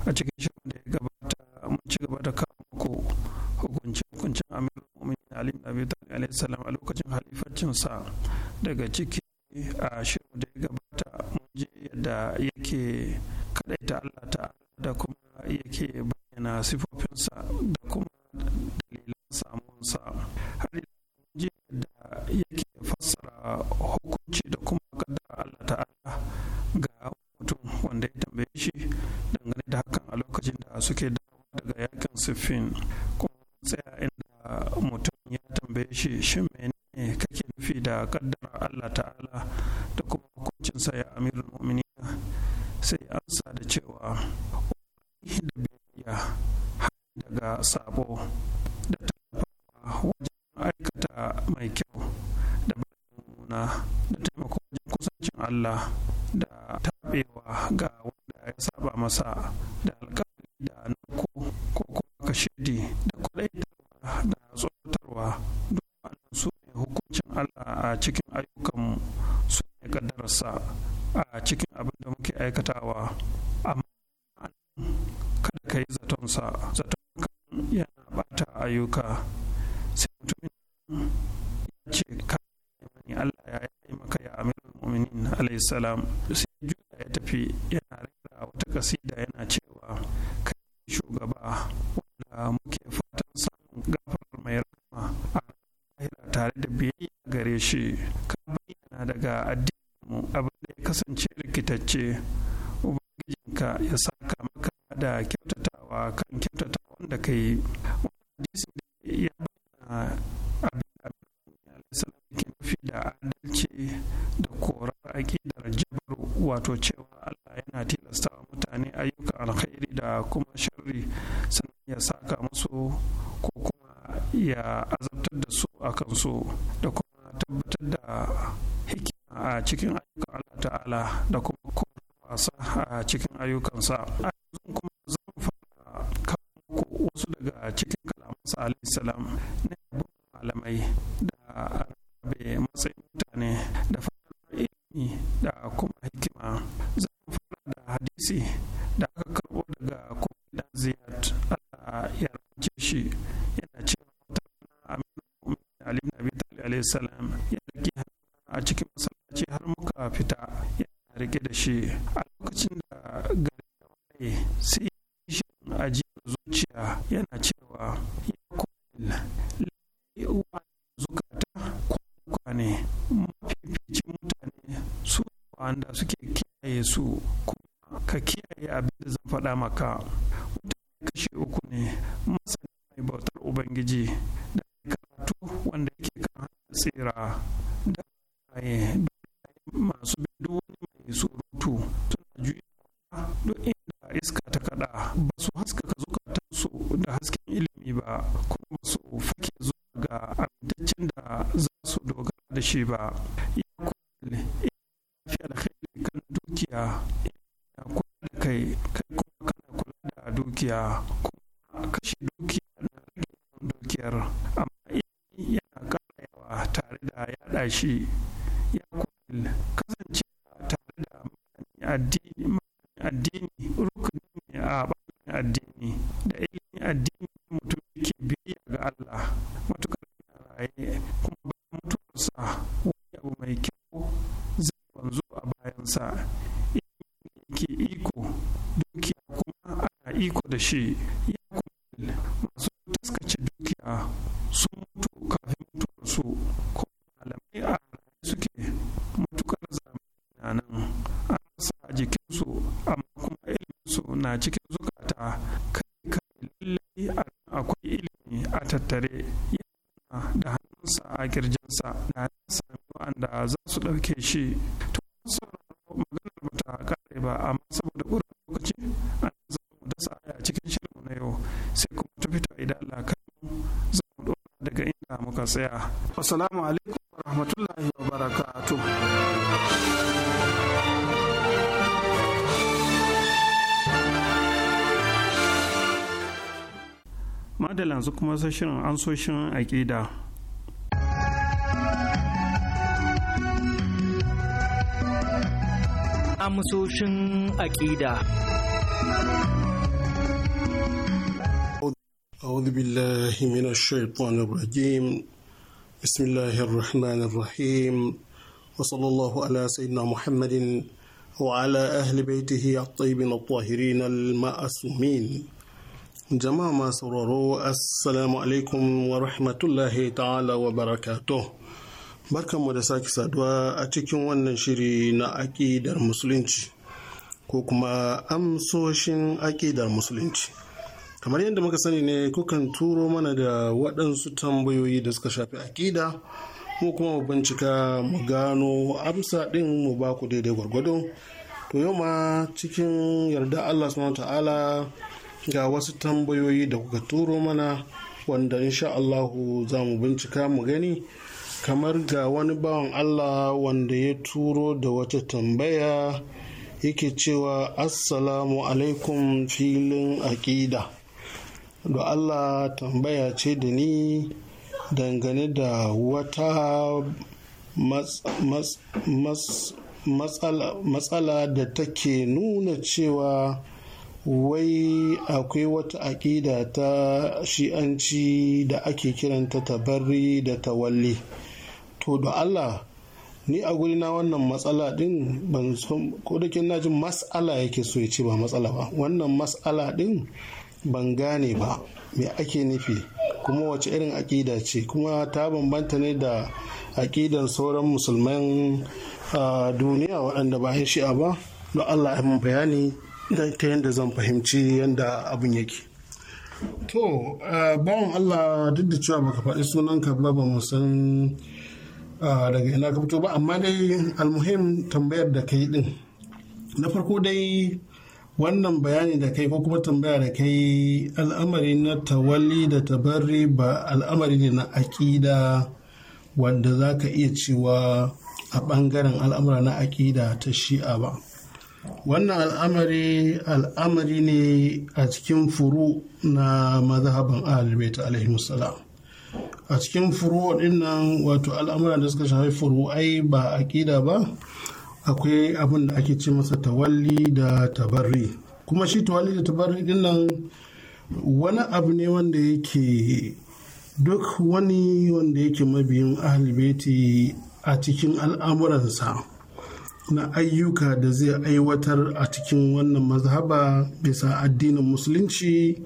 a cikin shirin da ya gabata mun ci gaba da kawo muku hukuncin hukuncin amirul mu'minin ali na biyu alayhi salam a lokacin halifacinsa daga ciki a shirin da ya gabata mun ji yadda yake kadaita Allah ta'ala da kuma yake bayyana sifo salam sai juna ya tafi yana rera wata kasida yana cewa kai shugaba wanda muke fatan samun gafarar mai rahama a lahira tare da biyayya gare shi ka bayyana daga addininmu abin da ya kasance rikitacce ubangijinka ya saka maka da kyautatawa kan kyautatawa wanda ka yi hadisi da ya bayyana abin da ke nufi da wato cewa Allah yana tilasta mutane ayyuka alkhairi da kuma sharri sannan ya saka musu ko kuma ya azabtar da su a kansu da kuma tabbatar da hikima a cikin ayyukan Allah ta'ala da kuma wasa a cikin ayyukansa a a maka mutane kashi uku ne masana mai bautar ubangiji da karatu wanda yake kan tsira da kayan masu bin mai surutu suna juya duk inda iska ta kada ba su haskaka zukatansu da hasken ilimi ba kuma su fake zuwa ga amintaccen da za su dogara da shi ba shi to maganar ba ta kare ba amma saboda ƙuran lokaci an za mu dasa aya cikin shirin na yau sai kuma ta fito idan Allah kan za mu dora daga inda muka tsaya assalamu alaikum wa rahmatullahi wa barakatuh madalansu kuma sashen ansoshin aƙida ilimin aƙida. أعوذ بالله من الشيطان الرجيم بسم الله الرحمن الرحيم وصلى الله على سيدنا محمد وعلى أهل بيته الطيبين الطاهرين المأسومين jama'a masu sauraro assalamu alaikum wa rahmatullahi ta'ala wa barakato barkanmu da sake saduwa a cikin wannan shiri na aƙidar musulunci ko kuma amsoshin aƙidar musulunci kamar yadda muka sani ne kukan turo mana da waɗansu tambayoyi da suka shafi aƙida mu kuma mu bincika mu gano amsa ɗin mu ba ku daidai gwargwado to yau ma cikin yarda allah subhanahu ta'ala ga wasu tambayoyi da kuka turo mana wanda insha allahu za mu bincika mu gani kamar ga wani bawan allah wanda ya turo da wata tambaya yake cewa assalamu alaikum filin aƙida da allah tambaya ce da ni dangane da wata matsala da take nuna cewa wai akwai wata aƙida ta shi'anci da ake kiranta tabarri da tawalli to da allah ni a guri na wannan matsala din ban ko da kin najin mas'ala yake so ya ce ba matsala ba wannan mas'ala din ban gane ba me ake nufi kuma wace irin aƙida ce kuma ta bambanta ne da aƙidan sauran musulman duniya waɗanda ba shi'a ba don allah ya mun bayani ta yadda zan fahimci yadda abin yake to bawan allah duk da cewa baka faɗi sunanka ba ba mu san daga ina ka fito ba amma dai almuhim tambayar da kai din na farko dai wannan bayani da kai ko kuma tambaya da kai al'amari na tawalli da tabarri ba al'amari ne na aƙida wanda za ka iya cewa a ɓangaren al'amura na aƙida ta shi'a ba wannan al'amari al'amari ne a cikin furu na mazhaban alibaita alaihi salam a cikin furo nan, wato al'amuran da suka shafi ai ba aƙida ba akwai abin da ake ce masa tawalli da tabarri kuma shi tawalli da tabarri dinnan wani abu ne wanda yake duk wani wanda yake mabiyin ahalibeti a cikin al'amuransa na ayyuka da zai aiwatar a cikin wannan mazhaba bisa addinin musulunci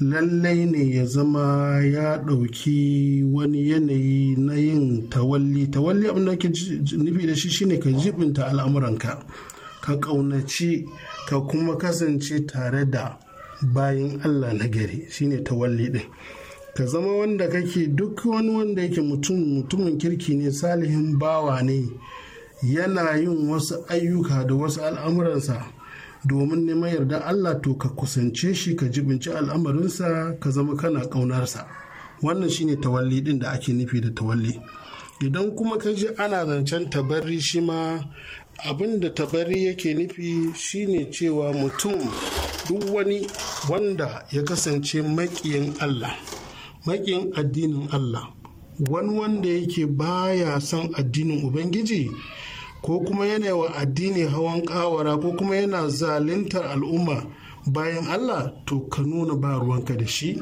lallai ne ya zama ya ɗauki wani yanayi na yin tawalli tawalli abin da ke nufi da shi shine ka jibinta al'amuranka ka ƙaunaci ka kuma kasance tare da bayan allah na gari shine tawalli ɗin ka zama wanda kake duk wani wanda yake mutum mutumin kirki ne salihin bawa ne yana yin wasu ayyuka da wasu al'amuransa domin neman yarda Allah to ka kusance shi ka jibinci al'amarinsa ka zama kana ƙaunarsa wannan shine tawalli din da ake nufi da tawalli idan kuma ka ji ana zancen tabarri shi ma abin da tabarri yake nufi shine cewa mutum duk wani wanda ya kasance maƙiyin Allah maƙiyin addinin Allah wani wanda yake baya son addinin Ubangiji ko kuma yana wa addini hawan kawara ko kuma yana zaluntar al'umma bayan Allah to ka nuna ba ruwanka da shi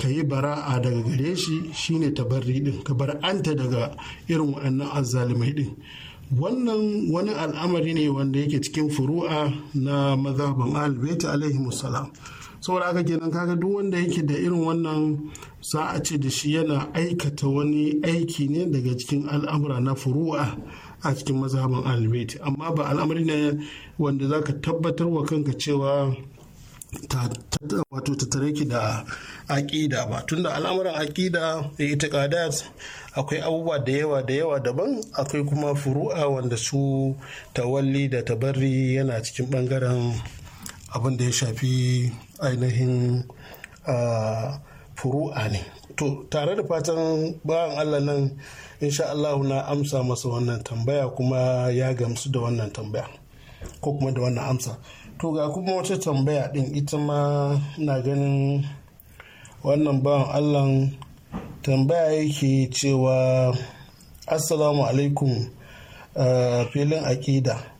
ka yi bara'a daga gare shi shine tabarri din ka bar anta daga irin waɗannan azalimai din wannan wani al'amari ne wanda yake cikin furu'a na mazhaban albaita alaihi musalam saboda haka kenan kaga duk wanda yake da irin wannan za ce da shi yana aikata wani aiki ne daga cikin al'amura na furu'a a cikin mazhabin alibait amma ba al'amari ne wanda za ka tabbatar wa kanka cewa wato tattare ki da aƙida ba tunda al'amuran aƙida da ita itiqadat akwai abubuwa da yawa da yawa daban akwai kuma furu'a wanda su tawalli da tabarri yana cikin bangaren abin da ya shafi ainihin ah, furu'a ne to tare da fatan bayan allah nan insha allahu na amsa masa wannan tambaya kuma ya gamsu da wannan tambaya ko kuma da wannan amsa to ga kuma wata tambaya din ita ma na ganin wannan bawan allah tambaya yake cewa assalamu alaikum ah, filin aƙida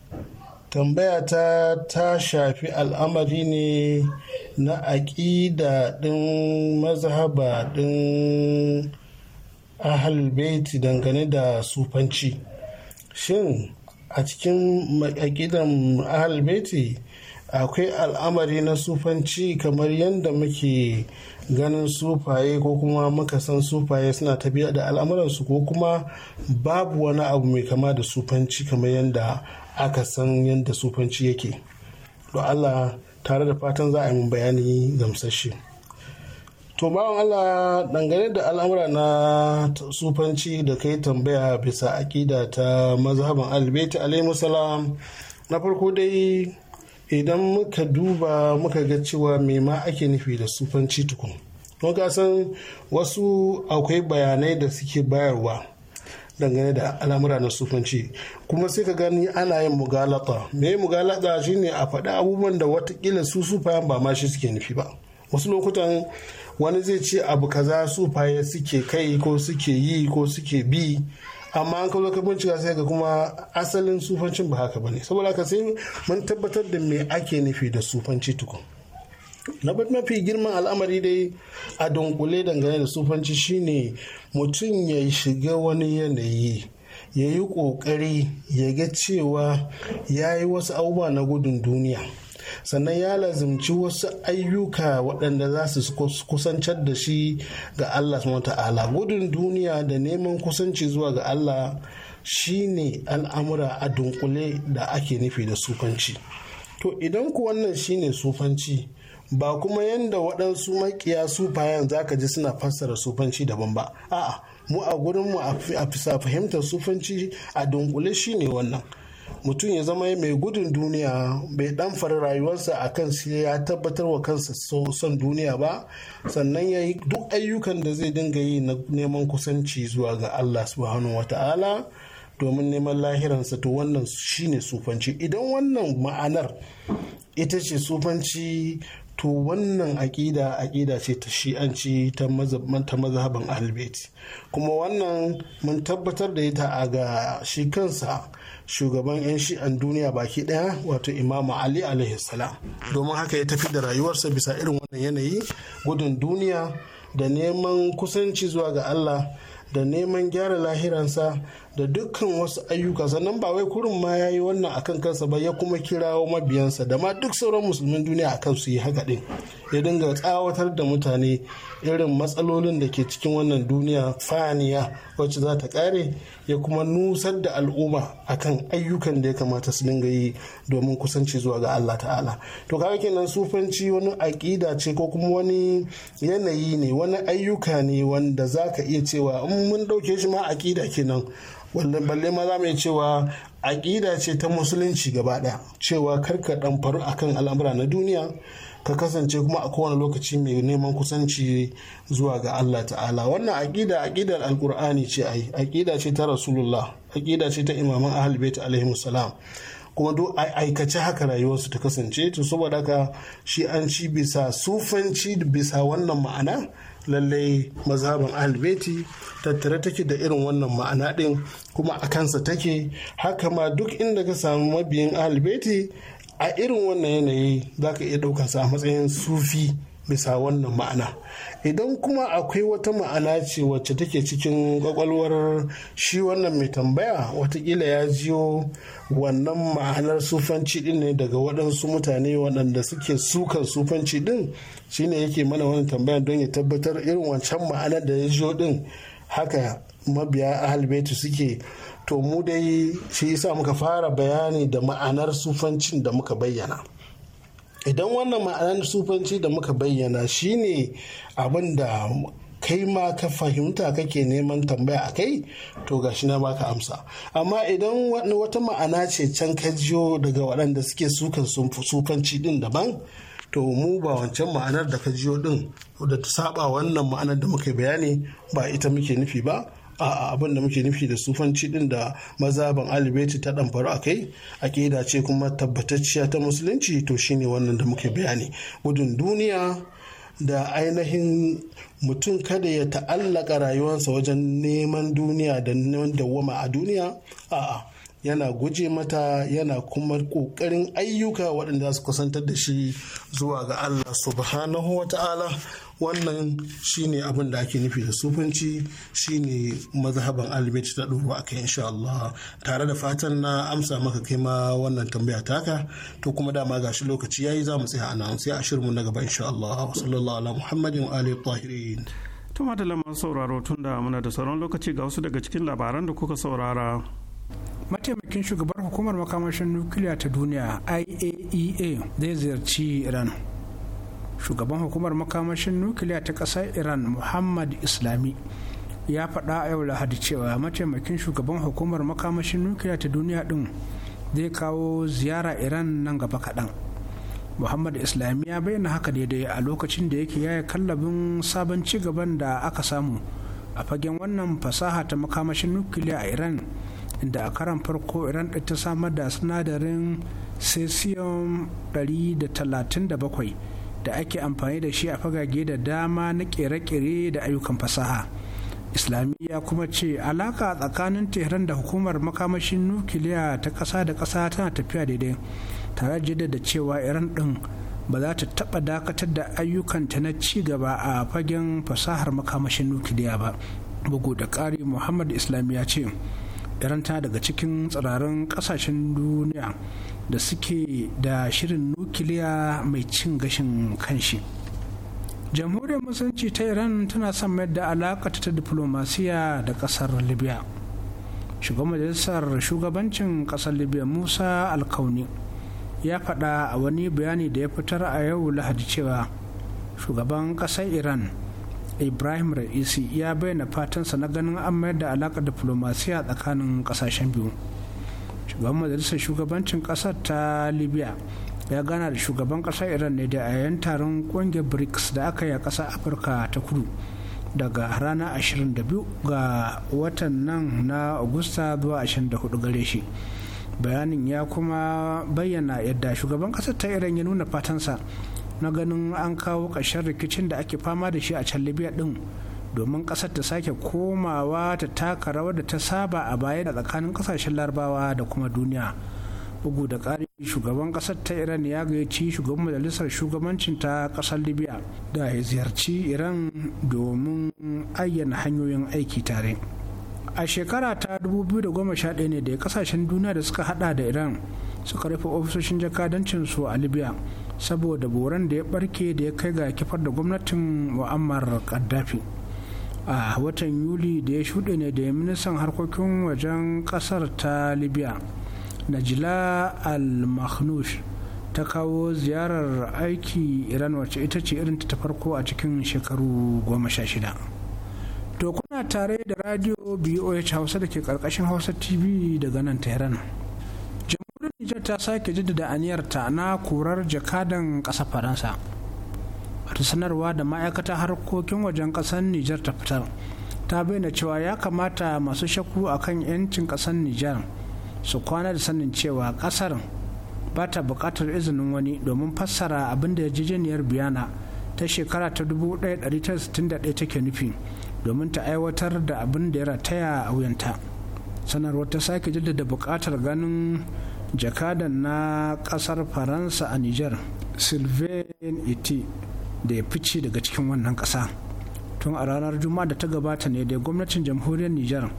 tambaya ta ta shafi al'amari ne na aƙida ɗin mazhaba ɗin Baiti dangane da sufanci shin a cikin aƙidan Baiti akwai al'amari na sufanci kamar yadda muke ganin sufaye ko kuma muka san sufaye suna tafiya da al'amuransu ko kuma babu wani abu mai kama da sufanci kamar yadda aka san yadda sufanci yake to Allah tare da fatan za a yi min bayani gamsashe to bawan Allah dangane da al'amura na sufanci da kai tambaya bisa aƙida ta mazhaban albaiti alaihi salam na farko dai idan muka duba muka ga cewa me ma ake nufi da sufanci tukun don san wasu akwai bayanai da suke bayarwa dangane da al'amura na sufanci kuma sai ka gani ana yin mugalata me mugalata shine a faɗi abubuwan da watakila su sufayen ba ma shi suke nufi ba wasu lokutan wani zai ce abu kaza sufaye suke kai ko suke yi ko suke bi amma an kawo ka bincika sai ga kuma asalin sufancin ba haka ba ne saboda haka sai mun tabbatar da me ake nufi da sufanci tukun na mafi girman al'amari dai a dunkule dangane da sufanci shine mutum ya shiga wani yanayi ya yi ƙoƙari ya ga cewa ya yi wasu abubuwa na gudun duniya sannan ya lazimci wasu ayyuka waɗanda za su kusancar da shi ga Allah subhanahu ta'ala gudun duniya da neman kusanci zuwa ga Allah shine al'amura a dunkule da ake nufi da sufanci to idan ku wannan shine sufanci ba kuma yadda waɗansu makiya sufayen za ka ji suna fassara sufanci daban ba a'a mu a gurinmu a fisa fahimtar sufanci a dunkule shi ne wannan mutum ya zama mai gudun duniya bai dan fara rayuwarsa a kan ya tabbatar wa kansa son duniya ba sannan ya yi duk ayyukan da zai dinga yi na neman kusanci zuwa ga allah subhanahu wata'ala domin neman lahiransa to wannan shine sufanci idan wannan ma'anar ita ce sufanci to wannan aƙida aƙida ce ta shi'anci ta mazhaban albeti kuma wannan mun tabbatar da ita ga shi kansa shugaban 'yan shi'an duniya baki ɗaya wato imamu ali alaihi domin haka ya tafi da rayuwarsa bisa irin wannan yanayi gudun duniya da neman kusanci zuwa ga allah da neman gyara lahiransa da dukkan wasu ayyuka sannan ba wai kurin ma ya yi wannan akan kansa ba ya kuma kirawo mabiyansa da ma duk sauran musulmin duniya akan su yi haka din ya dinga tsawatar da mutane irin matsalolin da ke cikin wannan duniya faniya wacce za ta kare ya kuma nusar da al'umma akan ayyukan da ya kamata su dinga yi domin kusanci zuwa ga Allah ta'ala to kaga kenan sufanci wani aƙida ce ko kuma wani yanayi ne wani ayyuka ne wanda za ka iya cewa in mun ɗauke shi ma aƙida kenan wanda balle ma za mu cewa aƙida ce ta musulunci gaba ɗaya cewa karka ɗan faru akan al'amura na duniya ka kasance kuma a kowane lokaci mai neman kusanci zuwa ga Allah ta'ala wannan aƙida aƙidar alkur'ani ce ai aƙida ce ta rasulullah aƙida ce ta imaman ahal bait alaihi salam kuma duk aikace haka rayuwarsu ta kasance to saboda haka shi an ci bisa sufanci bisa wannan ma'ana lallai mazhaban albeti tattare take da irin wannan ma'ana ɗin kuma a kansa take haka ma duk inda ka samu mabiyin albeti a irin wannan yanayi za ka iya ɗaukansa a matsayin sufi bisa wannan ma'ana idan kuma akwai wata ma'ana ce wacce take cikin kwakwalwar shi wannan mai tambaya watakila ya jiyo wannan ma'anar sufanci din ne daga waɗansu mutane waɗanda suke sukan sufanci din ne yake mana wani tambaya don ya tabbatar irin wancan ma'anar da ya jiyo din haka mabiya ahalbetu suke to mu dai shi yasa muka fara bayani da ma'anar sufancin da muka bayyana idan wannan ma'anar sufanci da muka bayyana shine abin da kai ma ka fahimta kake neman tambaya a kai to gashi na baka amsa amma idan wata ma'ana ce can ka jiyo daga waɗanda suke sukan sufanci din daban to mu ba wancan ma'anar da ka jiyo din da ta saba wannan ma'anar da muka bayani ba ita muke nufi ba a abin da muke nufi da sufanci din da maza ban alibeti ta ɗamfaru a kai aƙida ce kuma tabbatacciya ta musulunci to shine wannan da muke bayani gudun duniya da ainihin mutum kada ya ta'allaka rayuwarsa wajen neman duniya da neman dawwama a duniya a'a yana guje mata yana kuma ƙoƙarin ayyuka waɗanda su kusantar da shi zuwa ga Allah subhanahu wa ta'ala wannan shine abin da ake nufi da sufanci shine mazhaban albert da ɗoro a kai insha Allah tare da fatan na amsa maka kai ma wannan tambaya taka to kuma dama ga shi lokaci yayi za mu tsaya ana sai a shirmu na gaba insha Allah wa sallallahu ala muhammadin wa alihi tahirin to madalla masu sauraro tunda muna da sauran lokaci ga wasu daga cikin labaran da kuka saurara mataimakin Shugaban hukumar makamashin nukiliya ta duniya iaea e zai ziyarci iran shugaban hukumar makamashin nukiliya ta ƙasar iran muhammad islami ya faɗa a yau lahadi cewa mataimakin shugaban hukumar makamashin nukiliya ta duniya ɗin zai kawo ziyara iran nan gaba kaɗan muhammad islami ya bayyana haka daidai a lokacin da yake yaya kallabin sabon ci gaban da aka samu a fagen wannan fasaha ta makamashin nukiliya a iran inda a karan farko iran ta samar da sinadarin cesium 137 da ake amfani da shi a fagage da dama na kere-kere da ayyukan fasaha islamiyya kuma ce alaka tsakanin tehran da hukumar makamashin nukiliya ta ƙasa da ƙasa tana tafiya daidai tare da cewa iran ɗin ba za ta taɓa dakatar da ayyukanta na ci gaba a fagen fasahar makamashin nukiliya ba bugu da ƙari muhammad Islamiyya ce yaranta daga cikin tsirarin kasashen duniya da suke da shirin nukiliya mai cin gashin kanshi jamhuriyar musulunci ta iran tana son mayar da alaƙa ta diplomasiya da ƙasar libya shugaban majalisar shugabancin ƙasar libya musa alkauni ya faɗa a wani bayani da ya fitar a yau lahadi cewa shugaban ƙasar iran ibrahim ra'isi ya bayyana fatansa na ganin an mayar da alaƙar diflomasiya tsakanin ƙasashen biyu shugaban majalisar shugabancin ƙasar ta libya ya gana da shugaban ƙasar iran ne da a taron ƙungiyar brics da aka yi a ƙasar afirka ta kudu daga ranar 22 ga watan nan na agusta zuwa 24 gare shi bayanin ya kuma bayyana yadda shugaban ƙasar ta iran ya nuna fatansa na ganin an kawo ƙarshen rikicin da ake fama da shi a can libya ɗin domin ƙasar ta sake komawa ta taka rawar da ta saba a baya da tsakanin ƙasashen larabawa da kuma duniya bugu da ƙari shugaban ƙasar ta iran ya gayyaci shugaban majalisar shugabancin ta ƙasar libya da ya ziyarci iran domin ayyana hanyoyin aiki tare a shekara ta 2011 ne da kasashen duniya da suka hada da iran suka rufe ofisoshin jakadancin su a libya saboda boran da ya barke da ya kai ga kifar da gwamnatin mu'ammar kaddafi a watan yuli da ya shuɗe ne da ministan harkokin wajen ƙasar ta libya najila al-mahnush ta kawo ziyarar aiki iran wacce ita ce irin ta farko a cikin shekaru goma sha shida to kuna tare da radio boh hausa da ke karkashin hausa tv daga nan tehran nijar ta sake jaddada aniyarta na kurar jakadan ƙasa faransa wata sanarwa da ma'aikatar harkokin wajen ƙasar nijar ta fitar ta bayyana cewa ya kamata masu shakku akan 'yancin ƙasar nijar su kwana da sanin cewa ƙasar ba ta buƙatar izinin wani domin fassara abin da yarjejeniyar biyana ta shekara ta 1961 take nufi domin ta aiwatar da abin da ya rataya a wuyanta sanarwar ta sake jaddada buƙatar ganin jakadan na kasar faransa a niger sylvain iti da ya fice daga cikin wannan kasa tun a ranar juma'a da ta gabata ne da gwamnatin jamhuriyar niger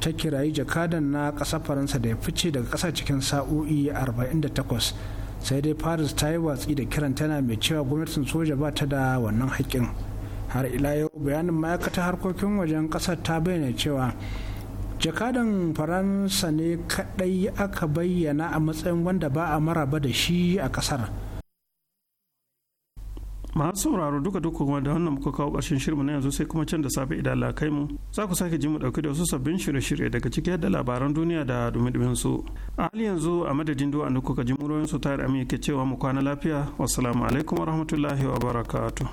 ta kirayi jakadan na kasar faransa da ya fice daga kasa cikin sa'o'i 48 sai dai paris ta yi watsi da kiran tana mai cewa gwamnatin soja ba ta da wannan haƙƙin har ila yau bayanin ma'aikatar harkokin wajen ƙasar ta bayyana cewa jakadan faransa ne kadai aka bayyana a matsayin wanda ba a maraba da shi a kasar masu sauraro duka duka kuma da wannan muka kawo ƙarshen shirin na yanzu sai kuma can da safe idan lakai kai mu za ku sake ji mu dauke da wasu sabbin shirye-shirye daga ciki da labaran duniya da dumi su a hali yanzu a madadin duwa da kuka ji muryoyin su tare amin ke cewa mu kwana lafiya wasu alaikum wa barakatu